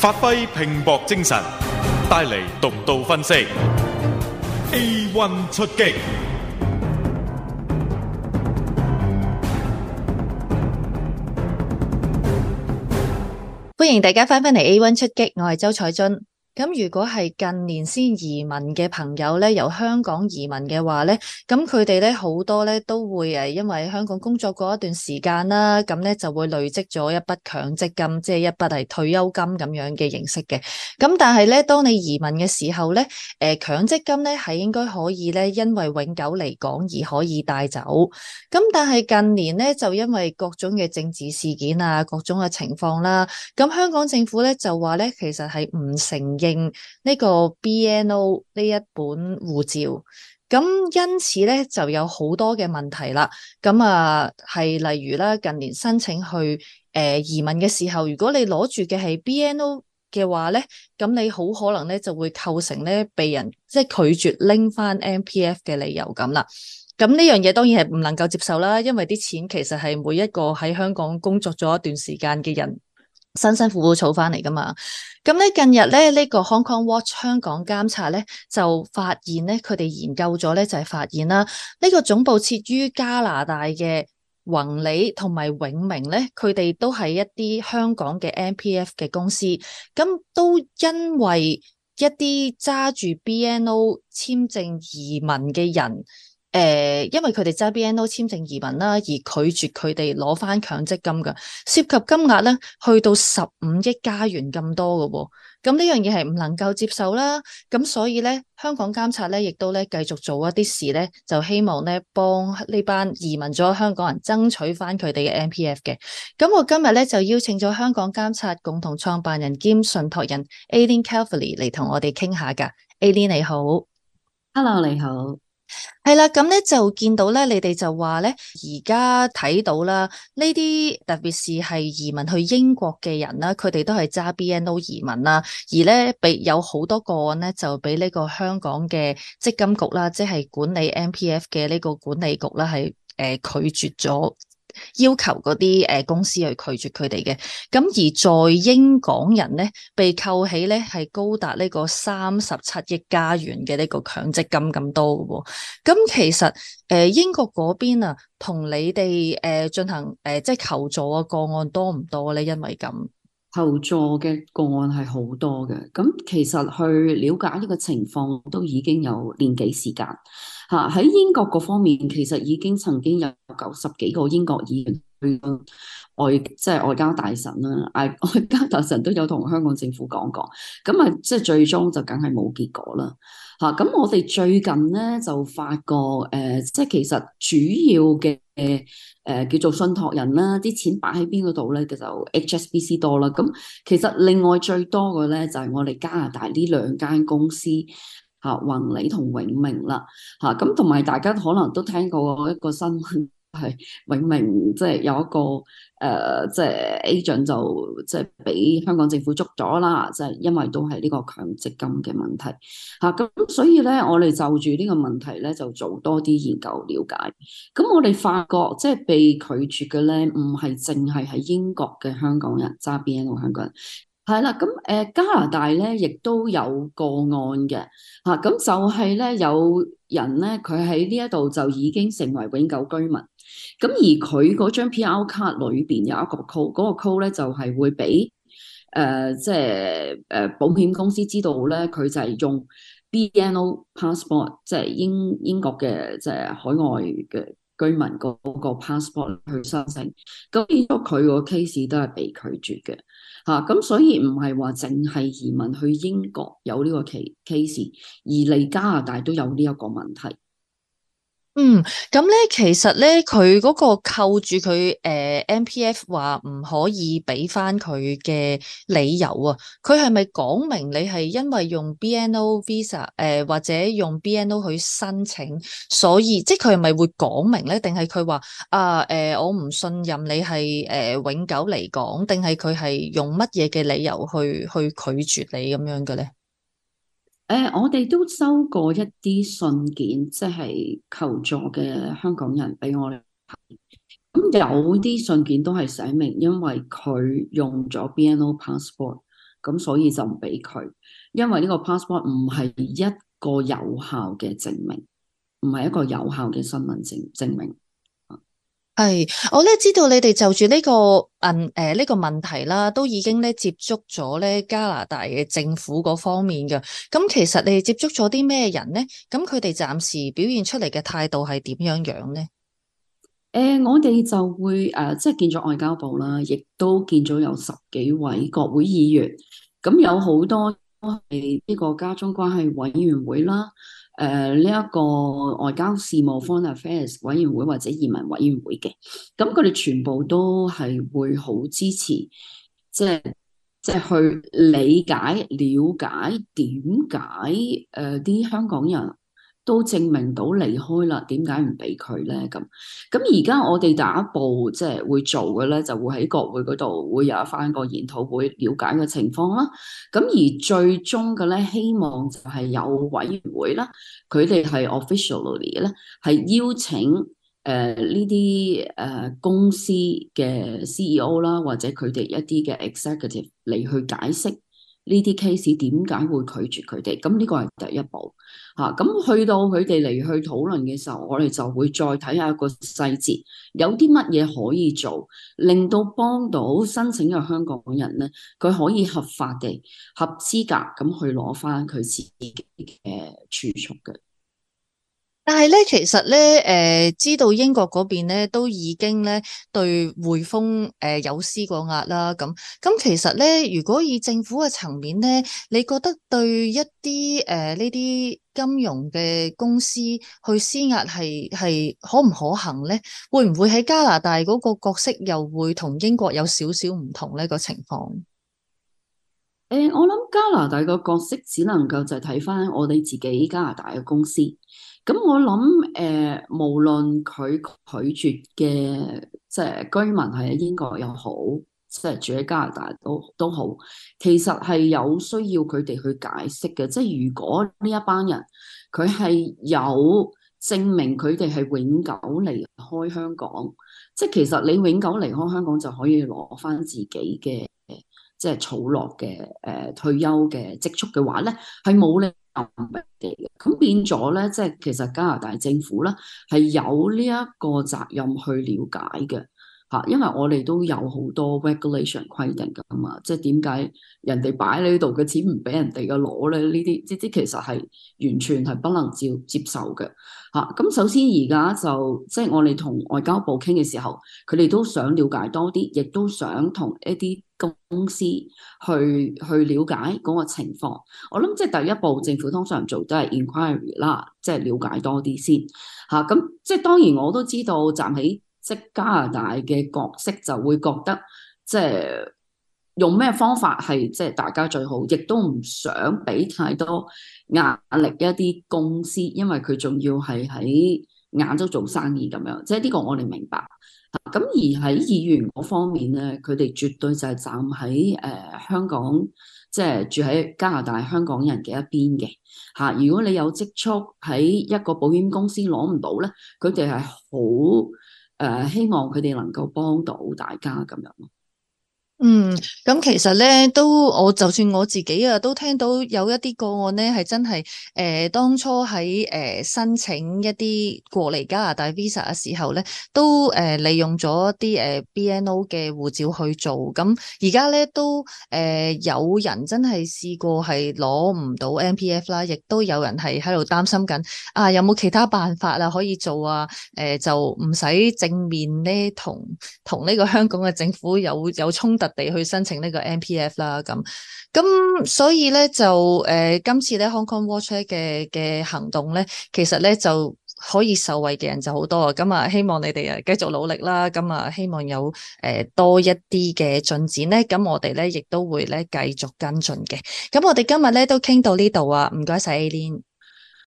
發揮拼搏精神，帶嚟獨到分析。A one 出擊，歡迎大家翻返嚟 A one 出擊，我係周彩俊。咁如果係近年先移民嘅朋友呢，由香港移民嘅話呢，咁佢哋呢好多呢都會誒，因為香港工作過一段時間啦，咁呢就會累積咗一筆強積金，即、就、係、是、一筆係退休金咁樣嘅形式嘅。咁但係呢，當你移民嘅時候呢，誒、呃、強積金呢係應該可以呢，因為永久離港而可以帶走。咁但係近年呢，就因為各種嘅政治事件啊，各種嘅情況啦、啊，咁香港政府呢就話呢，其實係唔成應呢個 BNO 呢一本護照，咁因此咧就有好多嘅問題啦。咁啊係例如啦，近年申請去誒、呃、移民嘅時候，如果你攞住嘅係 BNO 嘅話咧，咁你好可能咧就會構成咧被人即係、就是、拒絕拎返 MPF 嘅理由咁啦。咁呢樣嘢當然係唔能夠接受啦，因為啲錢其實係每一個喺香港工作咗一段時間嘅人。辛辛苦苦儲翻嚟㗎嘛？咁咧近日咧，呢、這個 Hong Kong Watch 香港監察咧就發現咧，佢哋研究咗咧就係、是、發現啦，呢、這個總部設於加拿大嘅宏利同埋永明咧，佢哋都係一啲香港嘅 MPF 嘅公司，咁都因為一啲揸住 BNO 簽證移民嘅人。誒、呃，因為佢哋揸 BNO 簽證移民啦，而拒絕佢哋攞翻強積金噶，涉及金額咧去到十五億加元咁多噶，咁呢樣嘢係唔能夠接受啦。咁所以咧，香港監察咧亦都咧繼續做一啲事咧，就希望咧幫呢幫班移民咗香港人爭取翻佢哋嘅 M P F 嘅。咁我今日咧就邀請咗香港監察共同創辦人兼信託人 Aileen Calverley 嚟同我哋傾下噶。Aileen 你好，Hello 你好。係啦，咁咧就見到咧，你哋就話咧，而家睇到啦，呢啲特別是係移民去英國嘅人啦，佢哋都係揸 BNO 移民啦，而咧俾有好多個案咧，就俾呢個香港嘅積金局啦，即係管理 M P F 嘅呢個管理局啦，係，呃，誒拒絕咗。要求嗰啲誒公司去拒絕佢哋嘅，咁而在英港人咧被扣起咧係高達呢個三十七億加元嘅呢個強積金咁多嘅，咁、嗯、其實誒、呃、英國嗰邊啊，同你哋誒、呃、進行誒、呃、即係求助嘅個案多唔多咧？因為咁求助嘅個案係好多嘅，咁其實去了解呢個情況都已經有年幾時間。嚇喺英國嗰方面，其實已經曾經有九十幾個英國議員外、外即係外交大臣啦，外外交大臣都有同香港政府講過，咁啊即係最終就梗係冇結果啦。嚇咁我哋最近咧就發覺，誒即係其實主要嘅誒、呃、叫做信託人啦，啲錢擺喺邊個度咧就 HSBC 多啦。咁其實另外最多嘅咧就係、是、我哋加拿大呢兩間公司。嚇宏利同永明啦，嚇咁同埋大家可能都聽過一個新聞係永明，即係有一個誒，即係 agent 就即係俾香港政府捉咗啦，即、就、係、是、因為都係呢個強積金嘅問題嚇咁，啊、所以咧我哋就住呢個問題咧就做多啲研究了解，咁我哋發覺即係、就是、被拒絕嘅咧唔係淨係喺英國嘅香港人，揸 BNO 嘅香港人？係啦，咁誒加拿大咧，亦都有個案嘅嚇，咁、啊、就係咧有人咧，佢喺呢一度就已經成為永久居民，咁而佢嗰張 PR 卡裏邊有一個 code，嗰個 code 咧就係、是、會俾誒即係誒保險公司知道咧，佢就係用 BNO passport，即係英英國嘅即係海外嘅。居民嗰個 passport 去申請，咁變咗佢個 case 都係被拒絕嘅，嚇、啊、咁所以唔係話淨係移民去英國有呢個 case，而嚟加拿大都有呢一個問題。嗯，咁咧，其實咧，佢嗰個扣住佢誒、呃、，M P F 話唔可以俾翻佢嘅理由啊，佢係咪講明你係因為用 B N O Visa 誒、呃、或者用 B N O 去申請，所以即係佢係咪會講明咧？定係佢話啊誒、呃，我唔信任你係誒、呃、永久嚟講，定係佢係用乜嘢嘅理由去去拒絕你咁樣嘅咧？誒，uh, 我哋都收過一啲信件，即係求助嘅香港人俾我哋。咁有啲信件都係寫明因為佢用咗 BNO passport，咁所以就唔俾佢，因為呢個 passport 唔係一個有效嘅證明，唔係一個有效嘅身份證證明。係，我咧知道你哋就住呢個嗯誒呢個問題啦，都已經咧接觸咗咧加拿大嘅政府嗰方面嘅。咁其實你哋接觸咗啲咩人咧？咁佢哋暫時表現出嚟嘅態度係點樣樣咧？誒，我哋就會誒，即係見咗外交部啦，亦都見咗有十幾位國會議員。咁有好多。係呢個加中關係委員會啦，誒呢一個外交事務 Foreign Affairs 委員會或者移民委員會嘅，咁佢哋全部都係會好支持，即係即係去理解了解點解誒啲香港人。都證明到離開啦，點解唔俾佢咧？咁咁而家我哋第一步即係、就是、會做嘅咧，就會喺國會嗰度會有一翻個研討會，了解個情況啦。咁而最終嘅咧，希望就係有委員會啦，佢哋係 officially 咧，係邀請誒呢啲誒公司嘅 CEO 啦，或者佢哋一啲嘅 executive 嚟去解釋。呢啲 case 點解會拒絕佢哋？咁呢個係第一步吓。咁、啊、去到佢哋嚟去討論嘅時候，我哋就會再睇下個細節，有啲乜嘢可以做，令到幫到申請嘅香港人咧，佢可以合法地、合資格咁去攞翻佢自己嘅儲蓄嘅。但係咧，其實咧，誒、呃，知道英國嗰邊咧都已經咧對匯豐誒有施過壓啦。咁咁，其實咧，如果以政府嘅層面咧，你覺得對一啲誒呢啲金融嘅公司去施壓係係可唔可行咧？會唔會喺加拿大嗰個角色又會同英國有少少唔同咧，個情況？誒、呃，我諗加拿大個角色只能夠就係睇翻我哋自己加拿大嘅公司。咁我諗誒、呃，無論佢拒絕嘅即係居民喺英國又好，即係住喺加拿大都都好，其實係有需要佢哋去解釋嘅。即係如果呢一班人佢係有證明佢哋係永久離開香港，即係其實你永久離開香港就可以攞翻自己嘅，即係儲落嘅誒、呃、退休嘅積蓄嘅話咧，係冇理。咁變咗咧，即係其實加拿大政府咧係有呢一個責任去了解嘅。嚇，因為我哋都有好多 regulation 規定㗎嘛，即係點解人哋擺喺度嘅錢唔俾人哋嘅攞咧？呢啲呢啲其實係完全係不能照接受嘅。嚇、啊，咁首先而家就即係、就是、我哋同外交部傾嘅時候，佢哋都想了解多啲，亦都想同一啲公司去去了解嗰個情況。我諗即係第一步，政府通常做都係 inquiry 啦，即係了解多啲先。嚇、啊，咁即係當然我都知道站喺。即加拿大嘅角色就會覺得，即係用咩方法係即係大家最好，亦都唔想俾太多壓力一啲公司，因為佢仲要係喺亞洲做生意咁樣。即係呢個我哋明白。咁、啊、而喺議員嗰方面咧，佢哋絕對就係站喺誒、呃、香港，即係住喺加拿大香港人嘅一邊嘅。嚇、啊，如果你有積蓄喺一個保險公司攞唔到咧，佢哋係好。誒希望佢哋能夠幫到大家咁樣咯。嗯，咁其實咧都，我就算我自己啊，都聽到有一啲個案咧，係真係誒，當初喺誒、呃、申請一啲過嚟加拿大 visa 嘅時候咧，都誒、呃、利用咗啲誒 BNO 嘅護照去做，咁而家咧都誒、呃、有人真係試過係攞唔到 MPF 啦，亦都有人係喺度擔心緊啊，有冇其他辦法啊可以做啊？誒、呃、就唔使正面咧同同呢個香港嘅政府有有衝突。地去申請呢個 MPF 啦，咁咁所以咧就誒、呃，今次咧 Hong Kong Watch 嘅嘅行動咧，其實咧就可以受惠嘅人就好多啊。咁啊，希望你哋啊繼續努力啦。咁啊，希望有誒、呃、多一啲嘅進展咧。咁我哋咧亦都會咧繼續跟進嘅。咁我哋今日咧都傾到呢度啊，唔該晒 Aileen。